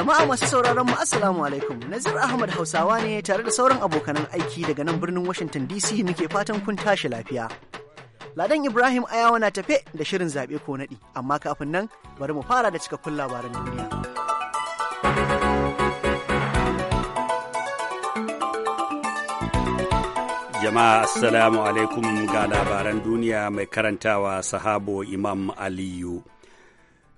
Jama'a masu sauraron mu Assalamu alaikum. Nazir Ahmad Hausawa ne tare da sauran abokanan aiki daga nan birnin Washington DC muke fatan kun tashi lafiya. Ladan Ibrahim Ayawa na tafe da shirin zaɓe ko naɗi, amma kafin nan bari mu fara da cikakkun labaran duniya. Jama'a Assalamu alaikum ga labaran duniya mai karantawa sahabo Imam Aliyu.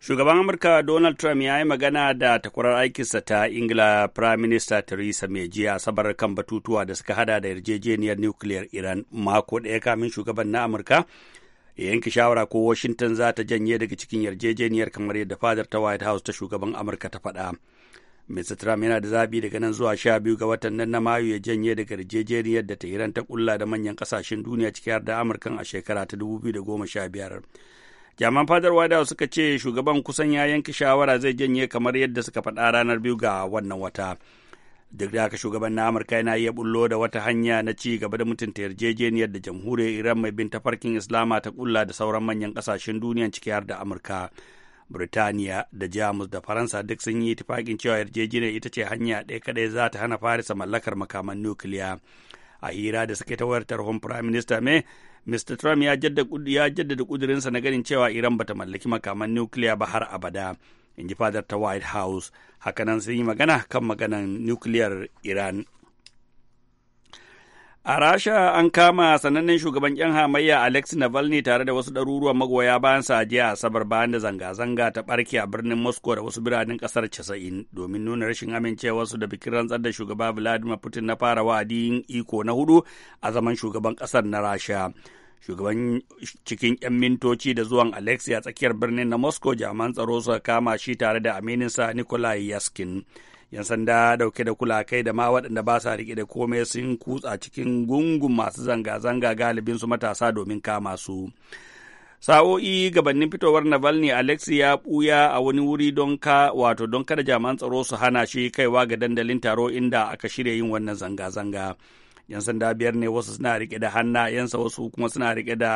Shugaban Amurka Donald Trump ya yi magana da takwarar aikinsa ta Ingila Prime Minister Theresa May jiya sabar kan batutuwa da suka hada da yarjejeniyar nukiliyar Iran mako ɗaya kamin shugaban na Amurka ya yanke shawara ko Washington za ta janye daga cikin yarjejeniyar kamar yadda fadar ta White House ta shugaban Amurka ta faɗa. Mr. Trump yana da zaɓi daga nan zuwa sha biyu ga watan nan na Mayu ya janye daga yarjejeniyar da ta Iran ta kulla da manyan ƙasashen duniya ciki har da Amurkan a shekara ta 2015. jaman fadar wada suka ce shugaban kusan ya yanke shawara zai janye kamar yadda suka faɗa ranar biyu ga wannan wata duk da haka shugaban na amurka yana iya bullo da wata hanya na ci gaba da mutunta yarjejeniyar da jamhuriyar iran mai bin tafarkin islama ta kulla da sauran manyan kasashen duniya ciki har da amurka Birtaniya da Jamus da Faransa duk sun yi tufaƙin cewa yarjejeniyar ita ce hanya ɗaya kaɗai za ta hana Farisa mallakar makaman nukiliya. a hira da suke ta wayar tarhon prime minister may mr trump ya jaddada kudurinsa na ganin cewa iran bata mallaki makaman nukiliya ba har abada in ji fadar ta white house hakanan sun yi magana kan maganan nukiliyar iran A Rasha an kama sanannen shugaban 'yan hamayya Alex Navalny tare da wasu ɗaruruwan magoya bayan jiya Asabar bayan da zanga-zanga ta ɓarke a birnin Moscow da wasu biranen ƙasar casa'in domin nuna rashin amincewarsu da bikin rantsar da shugaba Vladimir Putin na fara wa'adin iko na hudu a zaman shugaban ƙasar na Rasha. shugaban cikin 'yan mintoci da zuwan a tsakiyar birnin na Moscow jaman tsaro suka kama shi tare da amininsa Nikolai Yaskin. yan sanda dauke da kai da ma waɗanda ba sa rike da komai sun kutsa cikin gungun masu zanga-zanga galibin su matasa domin kama su sa'o'i gabanin fitowar navalny alexi ya buya a wani wuri don ka wato don kada jami'an tsaro su hana shi kaiwa ga dandalin taro inda aka shirya yin wannan zanga-zanga yan sanda biyar ne wasu suna rike da hannayensa wasu kuma suna rike da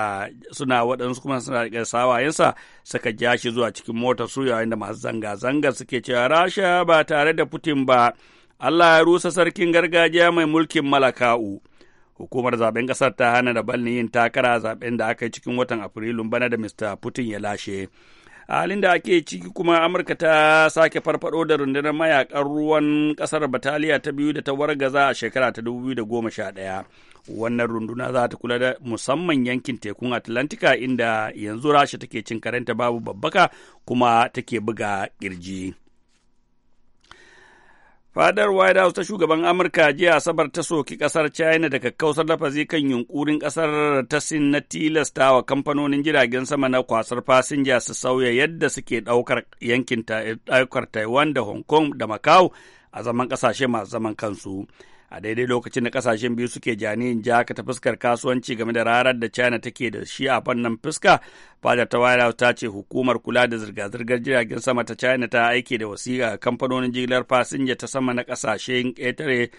suna waɗansu kuma suna rike da sawayensa suka ja shi zuwa cikin motar su yayin da masu zanga-zanga suke cewa rasha ba tare da putin ba allah ya rusa sarkin gargajiya mai mulkin malaka'u hukumar zaben kasar ta hana da balni yin takara zaben da aka yi cikin watan afrilun bana da mr putin ya lashe a halin da ake ciki kuma amurka ta sake farfado da rundunar mayakan ruwan kasar bataliya ta biyu da ta wargaza a shekara ta 2011 wannan runduna za ta kula da musamman yankin tekun atlantika inda yanzu rasha take cin karanta babu babbaka kuma take buga kirji. Fadar White House ta shugaban Amurka jiya Asabar ta soki kasar China da kakkausar lafazi kan yunkurin kasar ta Sin na wa kamfanonin jiragen sama na kwasar fasinja su sauya yadda suke daukar yankin ɗaukar Taiwan da Hong Kong da Macau a zaman kasashe masu zaman kansu. a daidai lokacin da kasashen biyu suke janiyin jaka ta fuskar kasuwanci game da rarar da china take da shi a fannin fuska fadar ta wayar ta ce hukumar kula da zirga-zirgar jiragen sama ta china ta aike da wasiƙa kamfanonin jigilar fasinja ta sama na kasashen ƙetare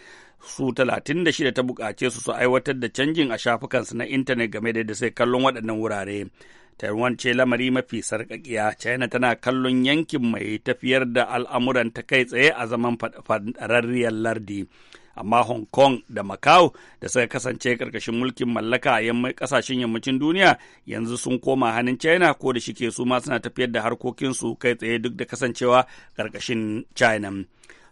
su talatin da shida ta buƙace su su aiwatar da canjin a shafukansu na intanet game da yadda sai kallon waɗannan wurare Taiwan ce lamari mafi sarƙaƙiya, China tana kallon yankin mai tafiyar da al'amuran ta kai tsaye a zaman fararriyar lardi. amma Hong Kong da Macau da suka kasance karkashin mulkin mallaka a kasashen yammacin duniya yanzu sun koma hannun China ko da shike su ma suna tafiyar da harkokinsu kai tsaye duk da kasancewa ƙarƙashin China.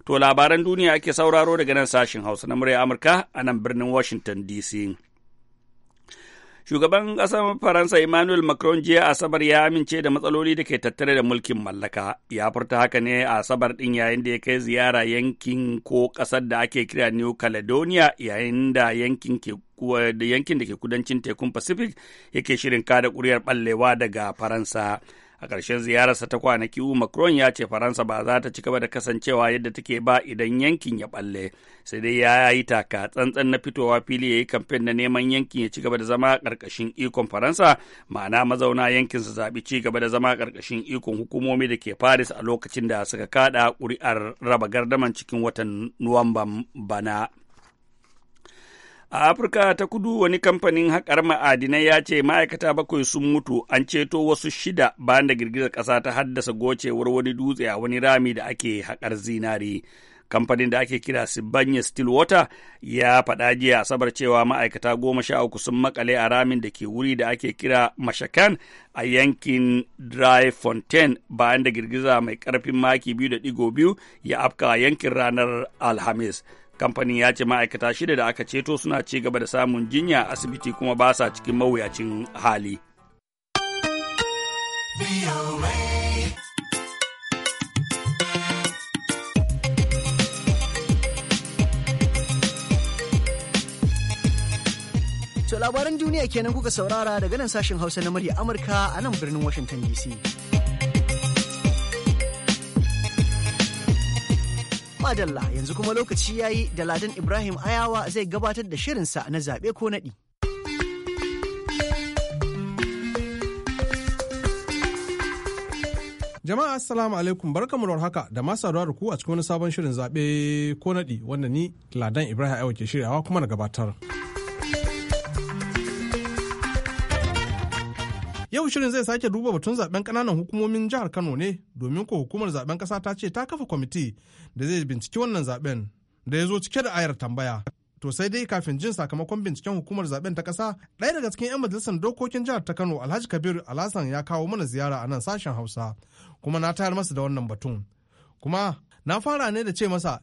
To labaran duniya ake sauraro daga nan sashen Hausa na murya Amurka a nan birnin Washington DC. Shugaban ƙasar Faransa Emmanuel Macron jiya Asabar ya amince da matsaloli da ke tattare da mulkin mallaka. Ya furta haka ne a Asabar ɗin yayin da ya kai ziyara yankin ko ƙasar da ake kira New Caledonia yayin da yankin ke da yankin da ke kudancin tekun Pacific yake shirin kada ƙuri'ar ɓallewa daga Faransa. a ƙarshen ziyararsa ta kwanaki macron ya ce faransa ba za ta ci gaba da kasancewa yadda take ba idan yankin ya balle sai dai ya yi taka tsantsan na fitowa fili ya yi kamfen na neman yankin ya ci gaba da zama ƙarƙashin ikon faransa ma'ana mazauna yankin su zaɓi ci gaba da zama ƙarƙashin ikon hukumomi da ke paris a lokacin da suka kaɗa ƙuri'ar raba gardaman cikin watan nuwamban bana. A Afirka ta kudu wani kamfanin haƙar ma'adinai ya ce ma'aikata bakwai sun mutu an ceto wasu shida bayan da girgizar ƙasa ta haddasa gocewar wani dutse a wani rami da ake haƙar zinari. Kamfanin da ake kira Sibanye Stillwater ya faɗa jiya asabar cewa ma'aikata goma sha uku sun makale a ramin da ke wuri da ake kira Mashakan a yankin Dry Fontaine bayan da girgiza mai ƙarfin maki biyu da ɗigo biyu ya afka yankin ranar Alhamis. kamfanin ya ce ma'aikata shida da aka ceto suna ci gaba da samun jinya asibiti kuma ba sa cikin mawuyacin hali. To labaran duniya kenan kuka saurara daga nan sashen Hausa na murya Amurka a nan birnin Washington DC. Madalla yanzu kuma lokaci ya yi da Ladan Ibrahim Ayawa zai gabatar da shirinsa na zaɓe ko naɗi. Jama'a Assalamu alaikum barkamu da haka da masu da ku a cikin wani sabon shirin zaɓe ko naɗi wanda ni Ladan Ibrahim Ayawa ke shiryawa kuma na gabatar. Yau shirin zai sake duba batun zaben kananan hukumomin jihar Kano ne domin ko hukumar zaben kasa ta ce ta kafa kwamiti da zai binciki wannan zaben da ya zo cike da ayar tambaya. To sai dai kafin jin sakamakon binciken hukumar zaben ta kasa ɗaya daga cikin 'yan majalisar dokokin jihar ta Kano Alhaji Kabiru Alhassan ya kawo mana ziyara a nan sashen Hausa kuma na tayar masa da wannan batun. Kuma na fara ne da ce masa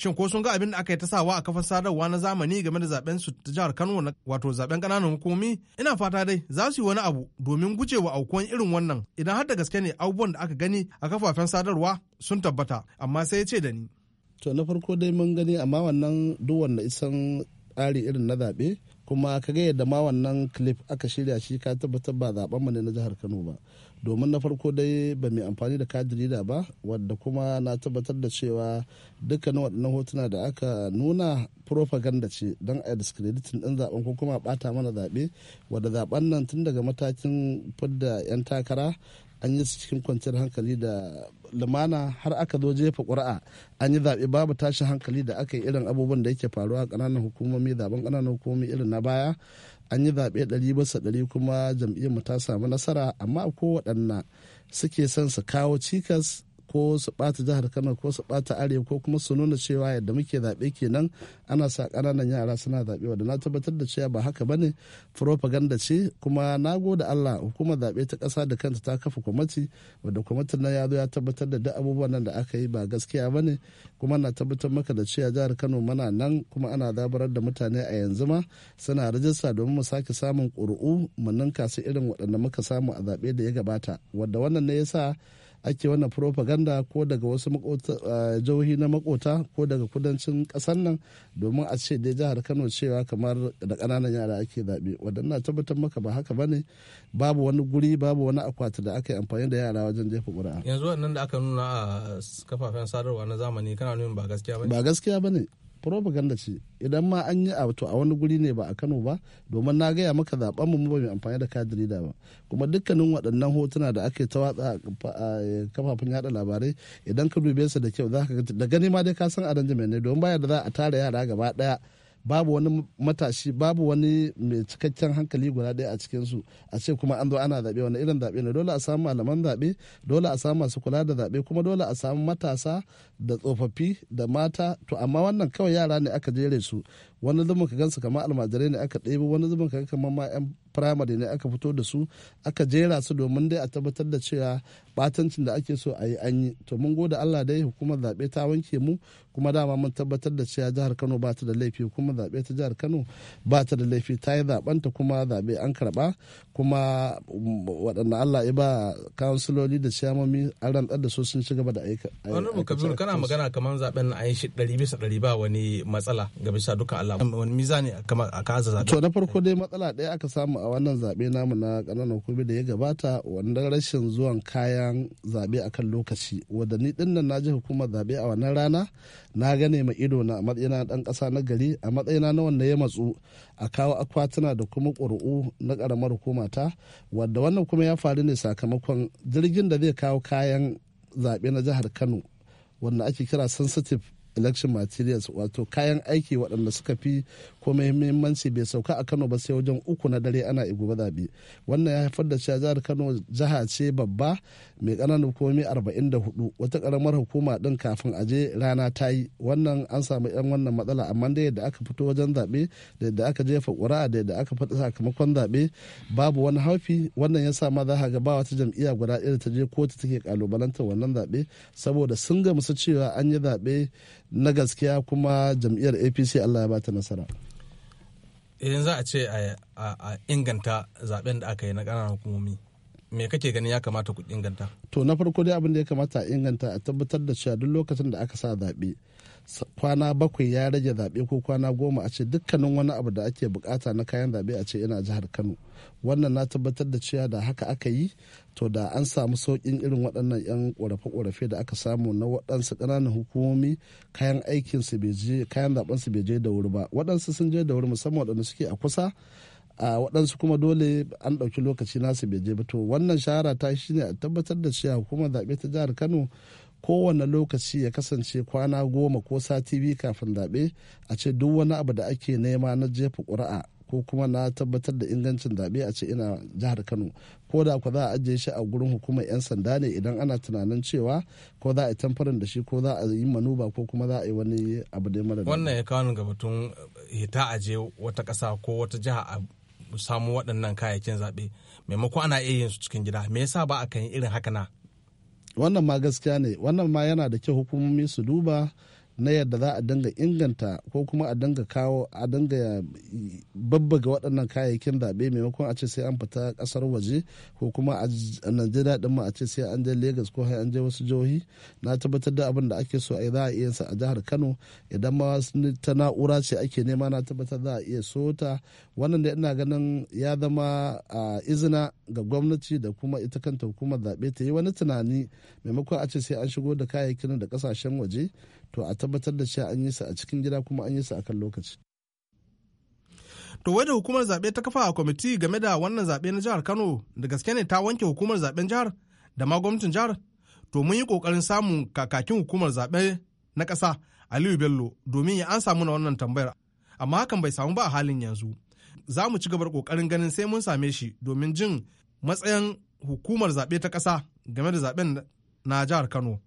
shin ko sun ga abin da aka yi ta sawa a kafar sadarwa na zamani game da zaben su ta jihar Kano wato zaben kananan hukumi ina fata dai za su yi wani abu domin guje wa aukuwan irin wannan idan har da gaske ne abubuwan da aka gani a kafafen sadarwa sun tabbata amma sai ya ce da ni to na farko dai mun gani amma wannan duk wanda isan tsari irin na zaɓe kuma ka ga yadda ma wannan clip aka shirya shi ka tabbatar ba zaɓen mu ne na jihar Kano ba domin na farko dai ba mai amfani da kadirida ba wadda kuma na tabbatar da cewa dukkanin waɗannan hotuna da aka nuna propaganda ce don a discreditin ɗin zaben ko kuma bata mana zaɓe wadda zaben nan tun daga matakin fudda 'yan takara an yi cikin kwanciyar hankali da lumana har aka zo jefa ƙuri'a an yi zaɓe babu tashin hankali da aka yi irin abubuwan da yake faruwa ƙananan hukumomi zaben ƙananan hukumomi irin na baya an yi zaɓe ɗari bisa ɗari kuma jam'iyyar mu ta samu nasara amma ko waɗanna suke son su kawo cikas ko su bata jihar kano ko su bata arewa ko kuma su nuna cewa yadda muke zaɓe kenan ana sa ƙananan yara suna zaɓe wanda na tabbatar da cewa ba haka bane propaganda ce kuma na gode Allah hukumar zaɓe ta ƙasa da kanta ta kafa kwamiti wadda kwamitin nan ya zo ya tabbatar da duk abubuwan nan da aka yi ba gaskiya bane kuma na tabbatar maka da cewa jihar Kano mana nan kuma ana zabarar da mutane a yanzu ma suna rajista domin mu sake samun ƙuri'u mu ninka su irin waɗanda muka samu a zaɓe da ya gabata wadda wannan ne ya sa. ake wannan propaganda ko daga wasu eh, jihohi na makota ko daga kudancin kasar nan domin a ce dai jihar kano cewa kamar da kananan yara ake zaɓe waɗannan tabbatar maka ba haka bane babu wani guri babu wani akwati da aka yi amfani da yara wajen jefa ƙuri'a yanzu wannan da aka nuna a kafafen sadarwa na zamani kana nuna ba gaskiya bane ba gaskiya bane propaganda ce idan ma an yi to a wani guri ne ba a kano ba domin na gaya maka zaben mu ba mai amfani da kadiri da ba kuma dukkanin waɗannan hotuna da ake ta watsa a kafafen yada labarai idan ka dube su da kyau za ka da gani ma dai ka san arrangement ne domin baya da za a tara yara gaba ɗaya babu wani matashi babu wani mai cikakken hankali guda ɗaya a cikinsu a ce kuma an zo ana zaɓe wani irin zaɓe ne dole a samu malaman zaɓe dole a samu masu kula da zaɓe kuma dole a samu matasa da tsofaffi da mata to amma wannan kawai yara ne aka jere su wani zubin ka gansu kamar almajirai ne aka ɗebo wani zubin ka kamar ma 'yan firamare ne aka fito da su aka jera su domin dai a tabbatar da cewa batancin da ake so a yi an yi to mun gode allah dai hukumar zaɓe ta wanke mu kuma dama mun tabbatar da cewa jihar kano ba ta da laifi hukumar zaɓe ta jihar kano ba ta da laifi ta yi zaɓenta kuma zaɓe an karɓa kuma mm, waɗanda allah ya ba kansiloli da ciyamomi an rantsar da su sun ci gaba da aika. wani kabiru kana magana kamar zaɓen na an yi shi ɗari bisa ɗari ba wani matsala ga bisa duka wani mizani a kasa zaɓe. to na farko dai matsala ɗaya aka samu a wannan zaɓe namu na ƙananan kobe da ya gabata wanda rashin zuwan kayan zaɓe akan lokaci wadda ni ɗin nan na ji hukumar zaɓe a wannan rana na gane ma ido na a matsayina ɗan ƙasa na gari a matsayina na wanda ya matsu a kawo akwatuna da kuma ƙuri'u na ƙaramar hukumata wadda wannan kuma ya faru ne sakamakon jirgin da zai kawo kayan zaɓe na jihar kano wanda ake kira sensitive election materials wato kayan aiki waɗanda suka fi ko muhimmanci bai sauka a kano ba sai wajen uku na dare ana igu zaɓe wannan ya haifar da cewa jihar kano jiha ce babba mai ƙananan arba'in da hudu wata ƙaramar hukuma ɗin kafin a je rana ta yi wannan an samu yan wannan matsala amma da yadda aka fito wajen zaɓe da yadda aka jefa ƙuri'a da yadda aka faɗi sakamakon zaɓe babu wani haufi wannan ya sa ma za ga ba wata jam'iyya guda ɗaya ta je kotu take ƙalubalantar wannan zaɓe saboda sun gamsu cewa an yi zaɓe na gaskiya kuma jam'iyyar apc allah ya ba ta nasara idan za a ce a inganta zaben da aka yi na ƙananan hukumomi me kake ganin ya kamata ku inganta to na farko dai abin da ya kamata a inganta a tabbatar da cewa duk lokacin da aka sa zaɓe kwana bakwai ya rage zaɓe ko kwana goma a ce dukkanin wani abu da ake bukata na kayan zaɓe a ce ina jihar kano wannan na tabbatar da cewa da haka aka yi to da an samu sauƙin irin waɗannan 'yan ƙorafe-ƙorafe da aka samu na waɗansu ƙananan hukumomi kayan aikin su bai je kayan zaɓen su bai je da wuri ba waɗansu sun je da wuri musamman waɗanda suke a kusa a waɗansu kuma dole an ɗauki lokaci nasu bai je ba to wannan shahara ta shi ne a tabbatar da cewa hukumar zaɓe ta jihar kano kowane lokaci ya kasance kwana goma ko sati biyu kafin zaɓe a ce duk wani abu da ake nema na jefa ƙuri'a ko kuma na tabbatar da ingancin zaɓe a ce ina jihar kano ko da ku za a ajiye shi a gurin hukumar 'yan sanda ne idan ana tunanin cewa ko za a yi tamfarin da shi ko za a yi manuba ko kuma za a yi wani abu da mara wannan ya kawo ga batun eh, hita a aje wata ƙasa ko wata jiha a samu waɗannan kayayyakin zaɓe maimakon ana iya yin su cikin gida me yasa ba a kan irin haka na wannan ma gaskiya ne wannan ma yana da kyau hukumomi su duba na yadda za a dinga inganta ko kuma a dinga kawo a dinga babbaga waɗannan kayayyakin zaɓe maimakon a ce sai an fita ƙasar waje ko kuma a najeriya ɗin ma a ce sai an je lagos ko an je wasu jihohi na tabbatar da abin da ake so a yi za a iya sa a jihar kano idan ma ta na'ura ce ake nema na tabbatar za a iya so ta wannan da ina ganin ya zama a izina ga gwamnati da kuma ita kanta hukumar zaɓe ta yi wani tunani maimakon a ce sai an shigo da kayayyakin da ƙasashen waje to a tabbatar da cewa an yi su a cikin gida kuma an yi su akan lokaci to wai da hukumar zaɓe ta kafa a kwamiti game da wannan zaɓe na jihar kano da gaske ne ta wanke hukumar zaɓen jihar da ma gwamnatin jihar to mun yi ƙoƙarin samun kakakin hukumar zaɓe na ƙasa aliyu bello domin ya an samu na wannan tambayar amma hakan bai samu ba a halin yanzu za mu ci gaba da ƙoƙarin ganin sai mun same shi domin jin matsayin hukumar zaɓe ta ƙasa game da zaɓen na jihar kano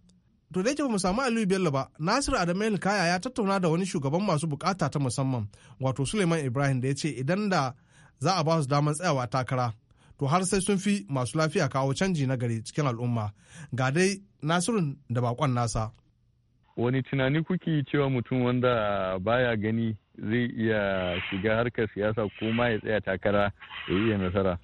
to da yake bamu samu Aliyu Bello ba, Nasiru Adamu Kaya ya tattauna da wani shugaban masu bukata ta musamman, wato Suleiman Ibrahim da ya ce idan da za a ba su damar tsayawa takara, to har sai sun fi masu lafiya kawo canji na gari cikin al'umma. Ga dai Nasiru da bakon nasa. Wani tunani kuke cewa mutum wanda baya gani zai iya shiga harkar siyasa kuma ya tsaya takara ya iya nasara.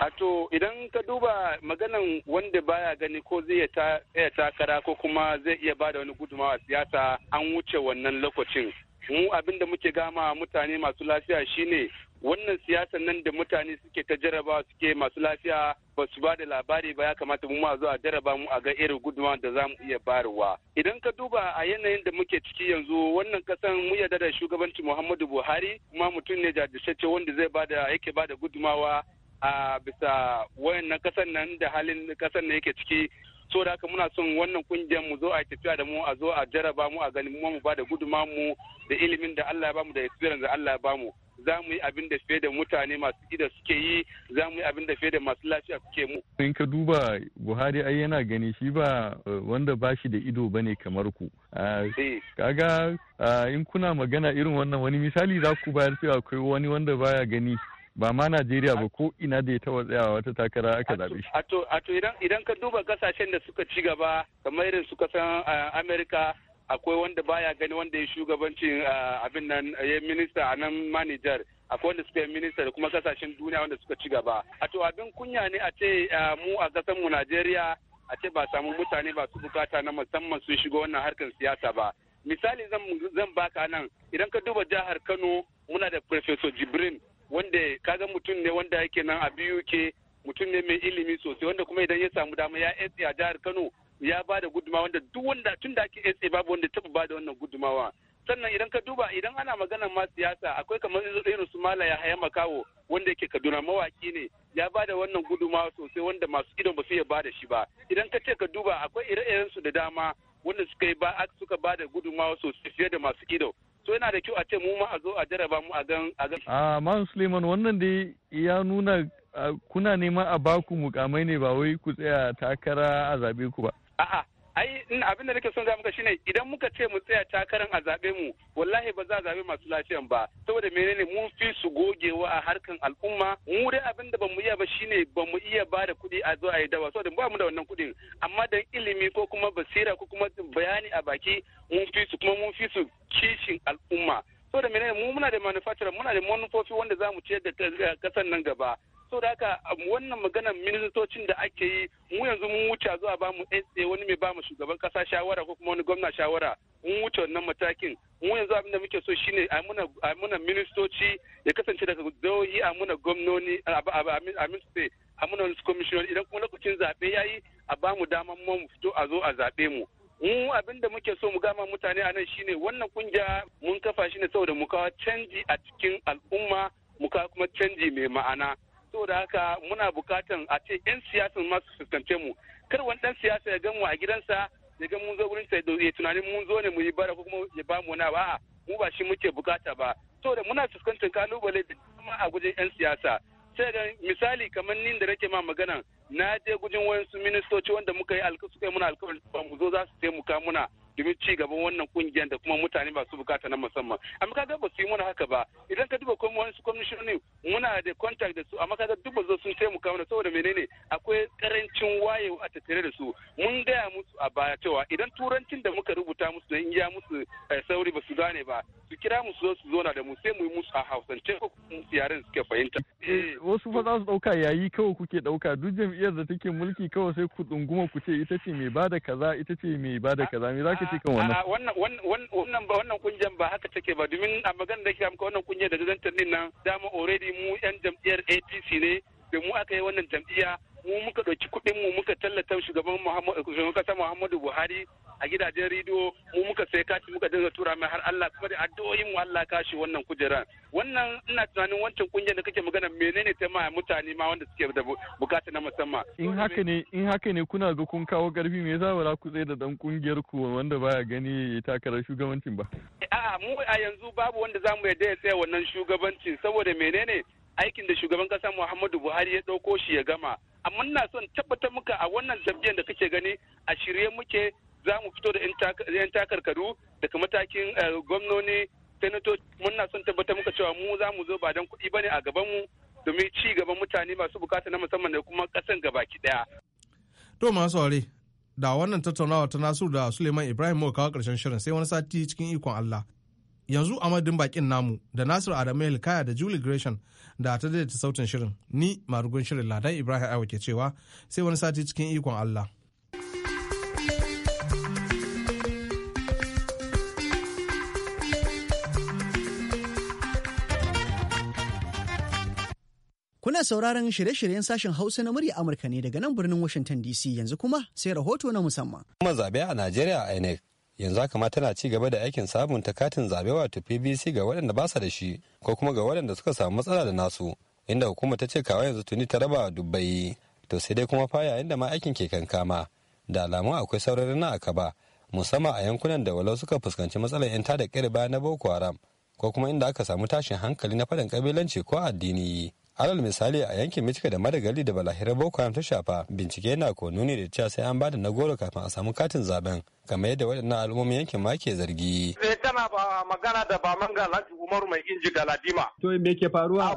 A to idan ka duba maganan wanda baya gani ko zai iya takara ko kuma zai iya bada wani gudumawa siyasa an wuce wannan lokacin. Mu abinda muke gama mutane masu lafiya shine wannan siyasan nan da mutane suke ta jarabawa suke masu lafiya ba su ba da labari ba ya kamata mu ma zo a jaraba mu a ga irin guduma da za mu iya barwa idan ka duba a yanayin da muke ciki yanzu wannan kasan mu yarda da shugabanci Muhammadu Buhari kuma mutum ne jajirtacce wanda zai da yake bada gudumawa a bisa wayannan kasan nan da halin kasan nan yake ciki so da haka muna son wannan kungiyar mu zo a tafiya da mu a zo a jaraba mu a gani mu mu bada gudumawa mu da ilimin da Allah ya bamu da experience da Allah ya bamu za mu yi abin da fiye da mutane masu gida suke yi za mu yi abin da fiye da masu lafiya suke mu. in ka duba buhari ai yana gani shi ba eh, wanda ba shi da ido bane kamar ku ah, eh. kaga ah, in kuna magana irin wannan wani misali za ku bayar cewa akwai wani wanda baya gani ba ma Najeriya ba ko ina da ya taba tsayawa wata takara aka zaɓe shi. Ato idan idan ka duba kasashen da suka ci gaba kamar irin su kasan ah, Amerika akwai wanda baya gani wanda ya shugabancin uh, abin nan ya minista a nan manijar akwai wanda suka yi minista da kuma kasashen duniya wanda suka ci gaba a to abin kunya ne a ce uh, mu a kasar mu Najeriya a ce ba samu mutane ba su bukata na musamman sun shiga wannan harkar siyasa ba misali zan baka nan idan ka duba jihar Kano muna da Professor Jibrin wanda kaga mutum ne wanda yake nan a ke mutum ne mai ilimi sosai wanda kuma idan ya samu dama ya a jihar Kano ya ba da gudumawa wanda duk wanda tun da ake SA babu wanda taɓa ba da wannan gudumawa. Sannan idan ka duba idan ana magana ma siyasa akwai kamar irin su Mala ya haya makawo wanda yake Kaduna mawaki ne ya ba da wannan gudumawa sosai wanda masu idon ba su iya ba da shi ba. Idan ka ce ka duba akwai ire-iren su da dama wanda suka yi ba suka ba da gudumawa sosai fiye da masu ido. so yana da kyau a ce mu ma a zo a jaraba mu a gan a gan man suleiman wannan dai ya nuna kuna nema a baku mukamai ne ba wai ku tsaya takara a zabe ku ba A'a, ai in abin da nake son ga shine idan muka ce mu tsaya takarar a zabe mu wallahi ba za a zabe masu lafiyan ba saboda menene mun fi su gogewa a harkan al'umma mu dai abin da bamu iya ba shine bamu iya ba da kuɗi a zo a yi dawa saboda ba mu da wannan kuɗin amma dan ilimi ko kuma basira ko kuma bayani a baki mun fi su kuma mun fi su kishin al'umma saboda menene mu muna da manufacturer muna da manufofi wanda za mu ciyar da kasar nan gaba saboda haka um, wannan maganar ministocin da ake yi mu yanzu mun wuce zuwa ba mu wani mai ba mu shugaban kasa shawara ko kuma wani gwamna shawara mun wuce wannan matakin mu yanzu abin muke so shine a muna ministoci ya kasance daga zoyi a muna gwamnoni a ministry a muna wani commissioner idan kuma lokacin zaɓe ya yi a ba mu daman mu fito a zo a zaɓe mu mu abin da muke so mu gama mutane a nan shine wannan kungiya mun kafa shine saboda mu kawo canji a cikin al'umma mu kawo kuma canji mai ma'ana saboda haka muna bukatan a ce 'yan siyasan masu fuskance mu kar wani dan siyasa ya gan mu a gidansa ya gan mun zo wurin sa ya tunanin mun zo ne mu yi bara ko kuma ya ba mu na ba mu ba shi muke bukata ba saboda muna fuskantar kalubale da kuma a gujin 'yan siyasa sai ga misali kamar ni da nake ma magana na je gujin wayansu ministoci wanda muka yi alƙawari muna alƙawari ba mu zo za su taimaka muna domin ci gaban wannan kungiyar da kuma mutane masu bukata na musamman amma kaga ba su yi mana haka ba idan ka duba kuma wani su muna da contact da su amma kaga duk ba zo sun taimaka mana saboda menene karancin wayewa a tattare da su mun gaya musu a baya cewa idan turancin da muka rubuta musu in ya musu eh, sauri ba su gane ba su kira mu zo su zona da mu sai mu yi musu a hausance ko kuma su yaren suke fahimta. Eh, wasu fa za su ɗauka yayi kawai kuke ɗauka duk jam'iyyar da take mulki kawai sai ku ɗunguma ku ce ita ce mai bada kaza ita ce mai bada kaza me za ka ce kan ah, ah, wannan. wannan ba wannan kungiyar ba haka take ba domin a magana da ke amka wannan kungiyar da zan din nan dama already mu yan jam'iyyar APC ne da mu aka yi wannan jam'iyya mu muka ɗauki kuɗin mu muka tallata shugaban kasa Muhammadu Buhari a gidajen rediyo mu muka sai kashi muka dinga tura mai har Allah kuma da addu'o'in mu Allah kashi wannan kujera wannan ina tunanin wancan kungiyar da kake magana menene ta ma mutane ma wanda suke da bukata na musamman in haka ne in haka ne kuna ga kun kawo garbi me yasa ba ku tsaye da dan kungiyar ku wanda baya gani ya takarar shugabancin ba a'a mu a yanzu babu wanda zamu yarda ya tsaya wannan shugabancin saboda menene aikin da shugaban kasa Muhammadu Buhari ya ɗauko shi ya gama. Amma ina son tabbatar muka a wannan jam'iyyar da kake gani a shirye muke za mu fito da 'yan takarkaru daga matakin eh, gwamnoni mun muna son tabbatar muka cewa mu za mu zo ba don kuɗi bane a gaban mu domin ci gaban mutane masu bukata na musamman da kuma ƙasan gabaki ɗaya. To masu aure da wannan tattaunawa ta Nasiru da Suleiman Ibrahim mu kawo ƙarshen shirin sai wani sati cikin ikon Allah. yanzu a madadin bakin namu da nasiru adamu Likaya da julie gresham da ta daidaita sautin shirin ni marugun shirin ladan ibrahim aiwa ke cewa sai wani sati cikin ikon allah Kuna sauraron shirye-shiryen sashen Hausa na murya Amurka ne daga nan birnin Washington DC yanzu kuma sai rahoto na musamman. Kuma zabe a Najeriya INEC yanzu haka ma tana ci gaba da aikin sabunta katin zabe wato pbc ga waɗanda ba su da shi ko kuma ga waɗanda suka samu matsala da nasu inda hukuma ta ce kawa yanzu tuni ta raba dubbai to sai dai kuma fa inda da ma aikin ke kankama da alamu akwai saurari na aka ba musamman a yankunan da walau suka fuskanci matsalar 'yan tada kirba na boko haram ko kuma inda aka samu tashin hankali na faɗin kabilanci ko addini alal misali a yankin Michigan da madagali da balahirar boko haram ta shafa bincike na ko nuni da cewa sai an bada na goro kafin a samu katin zaben kamar yadda waɗannan al'ummomin yankin ma ke zargi. Eh kana ba magana da ba manga Alhaji Umaru mai inji Galadima. To me ke faruwa?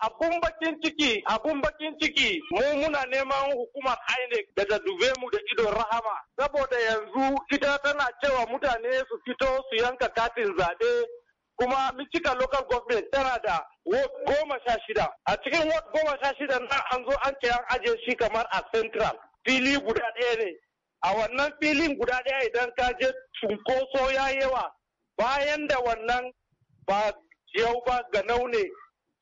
Abun bakin ciki, abun bakin ciki mu muna neman hukumar INEC da ta dube mu da ido rahama saboda yanzu ita tana cewa mutane su fito su yanka katin zaɓe kuma Michigan local government tana da goma sha shida a cikin ward goma sha shida na an zo an kira an ajiye shi kamar a central fili guda ɗaya ne a wannan filin guda ɗaya idan ka je cunkoso ya yawa bayan da wannan ba yau ba ga naune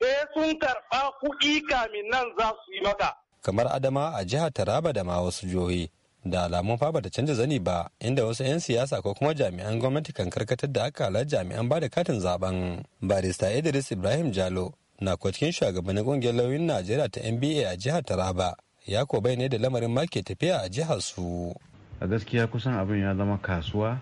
sai sun karɓa kuɗi kamin nan za su yi maka. Kamar Adama a jihar Taraba da ma wasu jihohi da alamun fa bata canza zani ba inda wasu 'yan siyasa ko kuma jami'an gwamnati kan karkatar da aka halar jami'an ba da katin zaben barista idris ibrahim jalo na ko cikin shugabannin kungiyar lauyin najeriya ta nba a jihar taraba ya ko bai ne da lamarin make tafiya a jihar su a gaskiya kusan abin ya zama kasuwa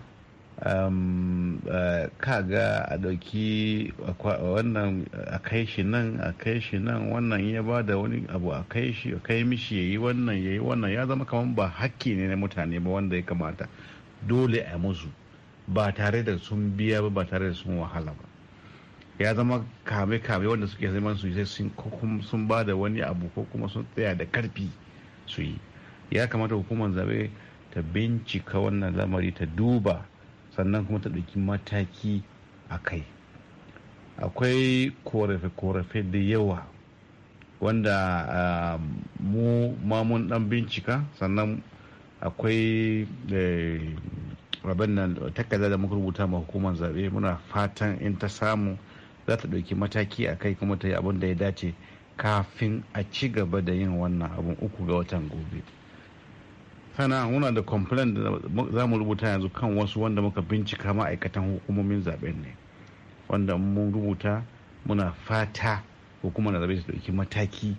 Eh, ka ga a ɗauki wannan a kai shi nan a kai shi nan wannan ya ba da wani abu a kai shi a kai mishi ya yi wannan ya yi wannan ya zama kamar ba hakki ne na mutane ba wanda ya kamata dole a musu ba tare da sun biya ba ba tare da sun wahala ba ya zama kame-kame wanda suke zama su sai sun ba da wani abu ko kuma sun tsaya da karfi su yi ya kamata hukumar zabe ta bincika wannan lamari ta duba sannan kuma ta ɗauki mataki a kai akwai korafe-korafe da yawa wanda ah, mu mamun ɗan bincika sannan akwai rabin eh, nan takarda da muka rubuta ma hukumar zaɓe muna fatan in ta samu za ta ɗauki mataki a kai kuma ta yi abin da ya dace kafin a ci gaba da yin wannan abin uku ga watan gobe. sana muna da complaint da za mu rubuta yanzu kan wasu wanda muka bincika ma'aikatan hukumomin zaben ne wanda mun rubuta muna fata hukumar da zabe su dauki mataki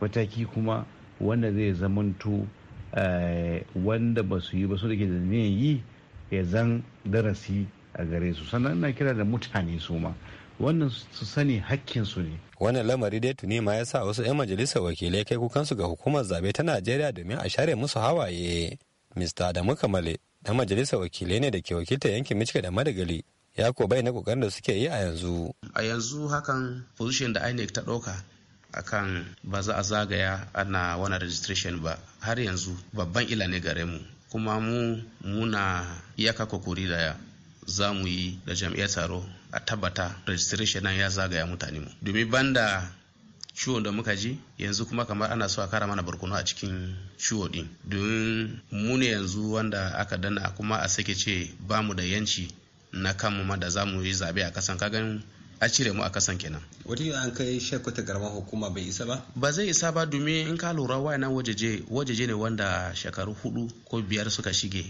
mataki kuma wanda zai zamantu eh, wanda ba su yi ba su da ke da yi ya zan darasi a gare su sannan ina kira da mutane su ma wannan su sani hakkin su ne wannan lamari dai tuni ma ya sa wasu 'yan majalisar wakilai kai kukansu ga hukumar zabe ta najeriya domin a share musu hawaye mr adamu kamale dan majalisar wakilai ne da ke wakilta yankin michigan da madagali ya ko bai na kokarin da suke yi a yanzu a yanzu hakan position da inec ta ɗauka akan ba za a zagaya ana wani registration ba har yanzu babban ila ne gare mu kuma mu muna iyaka kokori da za mu yi da jami'ai tsaro a tabbata registration nan ya zagaya mutane mu domin banda ciwon da muka ji yanzu kuma kamar ana so a kara mana barkono a cikin ciwo din domin mu ne yanzu wanda aka danna kuma a sake ce ba mu da yanci na kanmu ma da za mu yi zabe a kasan kagan a cire mu a kasan kenan wata an kai shekwata garma hukuma bai isa ba ba zai isa ba domin in ka lura wayanan wajeje wajeje ne wanda shekaru hudu ko biyar suka shige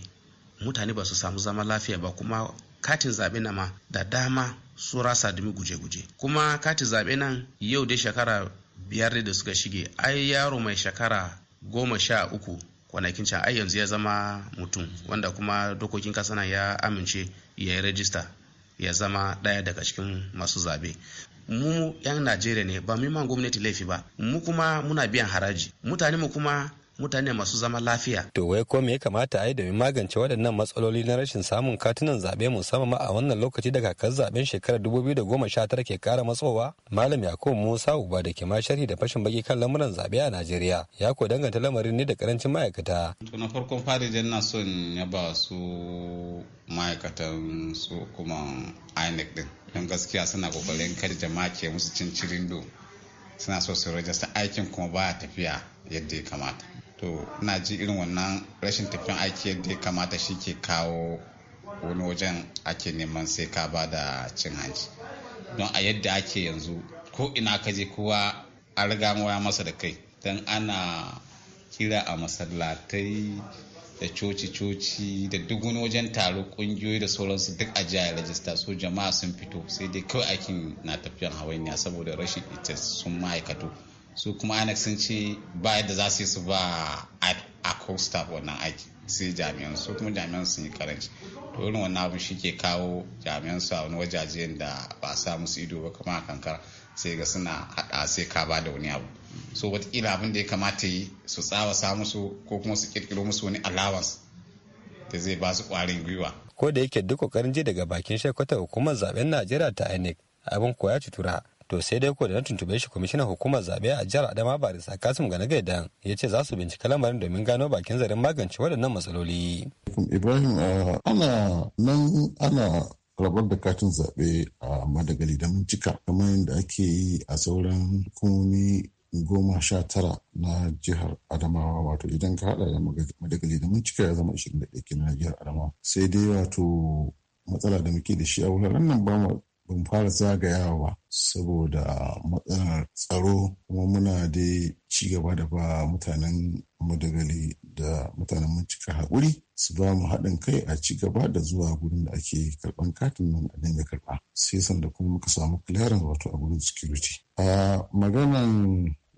mutane ba su samu zama lafiya ba kuma katin zaɓe na ma da dama su rasa dumi guje-guje kuma katin zaɓe nan yau dai shekara biyar da suka shige ai yaro mai shekara goma sha uku kwanakin can ai yanzu ya zama mutum wanda kuma dokokin kasa nan ya amince ya yi rajista ya zama ɗaya daga cikin masu zaɓe. mu 'yan najeriya ne ba mu yi man gwamnati laifi ba mu kuma muna biyan haraji mutane mu kuma mutane masu zama lafiya. To wai ko me ya kamata a yi domin magance waɗannan matsaloli na rashin samun katunan zaɓe musamman a wannan lokaci da kakar zaɓen shekarar tara ke kara matsowa? Malam Yakubu Musa Uba da ke ma sharhi da fashin baki kan lamuran zaɓe a Najeriya ya ko danganta lamarin ne da karancin ma'aikata. To na farkon fari jan na son ya ba su ma'aikatan su kuma INEC din. Don gaskiya suna kokarin kada jama'a ke musu cin cirindo suna so su rajista aikin kuma baya tafiya yadda ya kamata. to na ji irin wannan rashin tafiyan aiki yadda ya kamata shi ke kawo wani wajen ake neman sai ka ba da cin hanci don a yadda ake yanzu ko ina ka je kowa a riga waya masa da kai don ana kira a masallatai da coci-coci da duk wani wajen taro kungiyoyi da sauransu duk a jihar rajista so jama'a sun fito sai dai kawai aikin na tafiyan hawainiya saboda rashin ita sun ma'aikatu su kuma anex sun ce ba yadda za su yi su ba a staff wannan aiki sai jami'an su kuma jami'an sun yi karanci to irin wannan abu shi ke kawo jami'an su a wani wajaje da ba sa musu ido ba kama kankara sai ga suna hada sai ka ba da wani abu so wataƙila abin da ya kamata yi su sa musu ko kuma su kirkiro musu wani allowance da zai ba su ƙwarin gwiwa ko da yake duk ƙoƙarin je daga bakin shekwata hukumar zaben najeriya ta inec abin koya cutura to sai dai ko da na tuntube shi kwamishinan hukumar zabe a jihar adama sa kasim gane gaidan ya ce za su bincika lamarin domin gano bakin zarin magance waɗannan matsaloli. ibrahim eh, ana nan ana rabar da katin zaɓe a madagali da mun cika kamar yadda ake yi a sauran hukumomi goma sha tara na jihar adamawa wato idan ka hada da madagali da mun ya zama 21 kenan na jihar adamawa sai dai wato matsala da muke da shi a wuraren nan ba mu ban fara zagayawa ba saboda matsalar tsaro kuma muna da ci gaba da ba mutanen madagali da mutanen cika haƙuri su ba mu haɗin kai a ci gaba da zuwa gudun da ake karɓan katin nan a dinga karɓa sai sanda kuma muka samu clearance wato a gudun security a maganan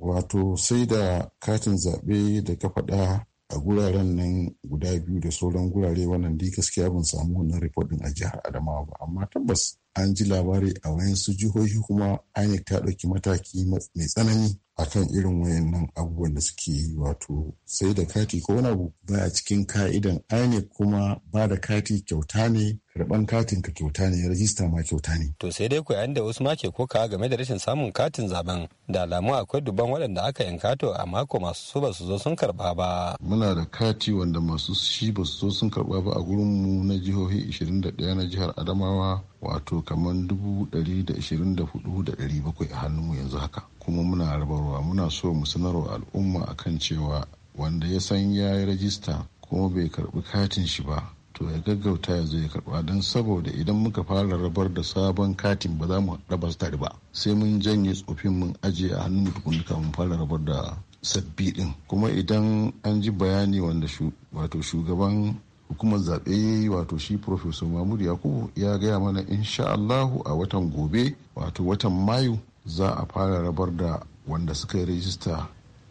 wato sai da katin zaɓe da ka faɗa a guraren nan guda biyu da sauran gurare wannan dai gaskiya ban samu wannan report din a jihar Adamawa ba amma tabbas an ji labari a wayansu jihohi kuma INEC ta ɗauki mataki mai tsanani akan irin wayannan abubuwan da suke yi wato sai da kati ko wani abu a cikin ka'idan aini kuma ba da kati kyauta ne karban katin ka kyauta ne rajista ma kyauta ne. To sai dai ku yayin da wasu ma ke koka game da rashin samun katin zaben da alamu akwai duban waɗanda aka yanka to a mako masu su ba su zo sun karba ba. Muna da kati wanda masu shi ba su zo sun karba ba a gurin mu na jihohi 21 na jihar Adamawa wato kamar 124,700 a hannunmu yanzu haka. kuma muna rabarwa muna so mu sanarwa al'umma a kan cewa wanda ya san ya yi rajista kuma bai karbi katin shi ba to ya gaggauta ya zo ya karba don saboda idan muka fara rabar da sabon katin ba za mu raba su tare ba sai mun janye tsofin mun ajiye a hannun tukunduka mun fara rabar da sabbi din kuma idan an ji bayani wanda wato shugaban hukumar zaɓe wato shi professor mahmud yakubu ya gaya mana insha allahu a watan gobe wato watan mayu za a fara rabar da wanda suka yi rajista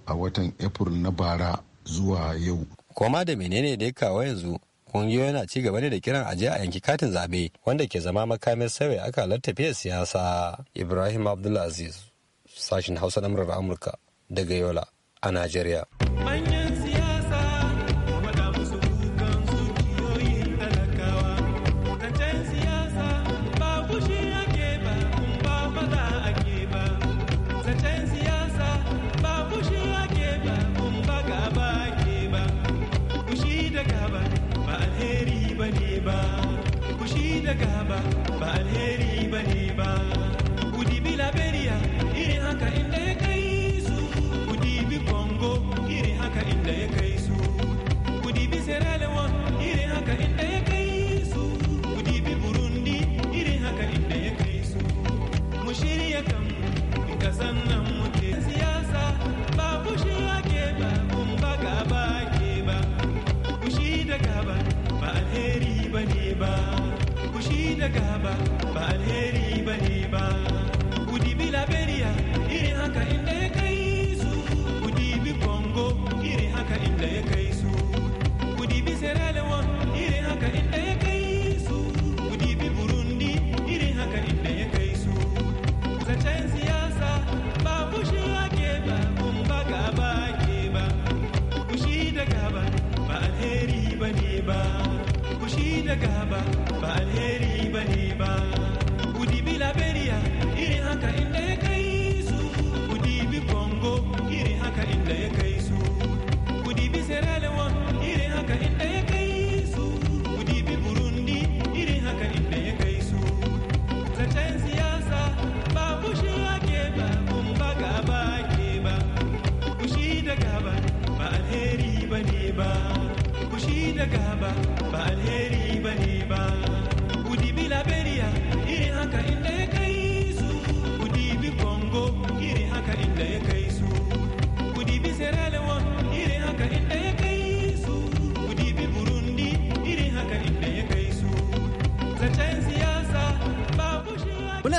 a watan april na bara zuwa yau koma da menene da ya kawo yanzu kungiyoyi yana ci gaba ne da kiran aje a yanki katin zabe wanda ke zama makamin sauya aka tafiyar siyasa ibrahim abdulaziz sashen hausa na murar amurka daga yola a najeriya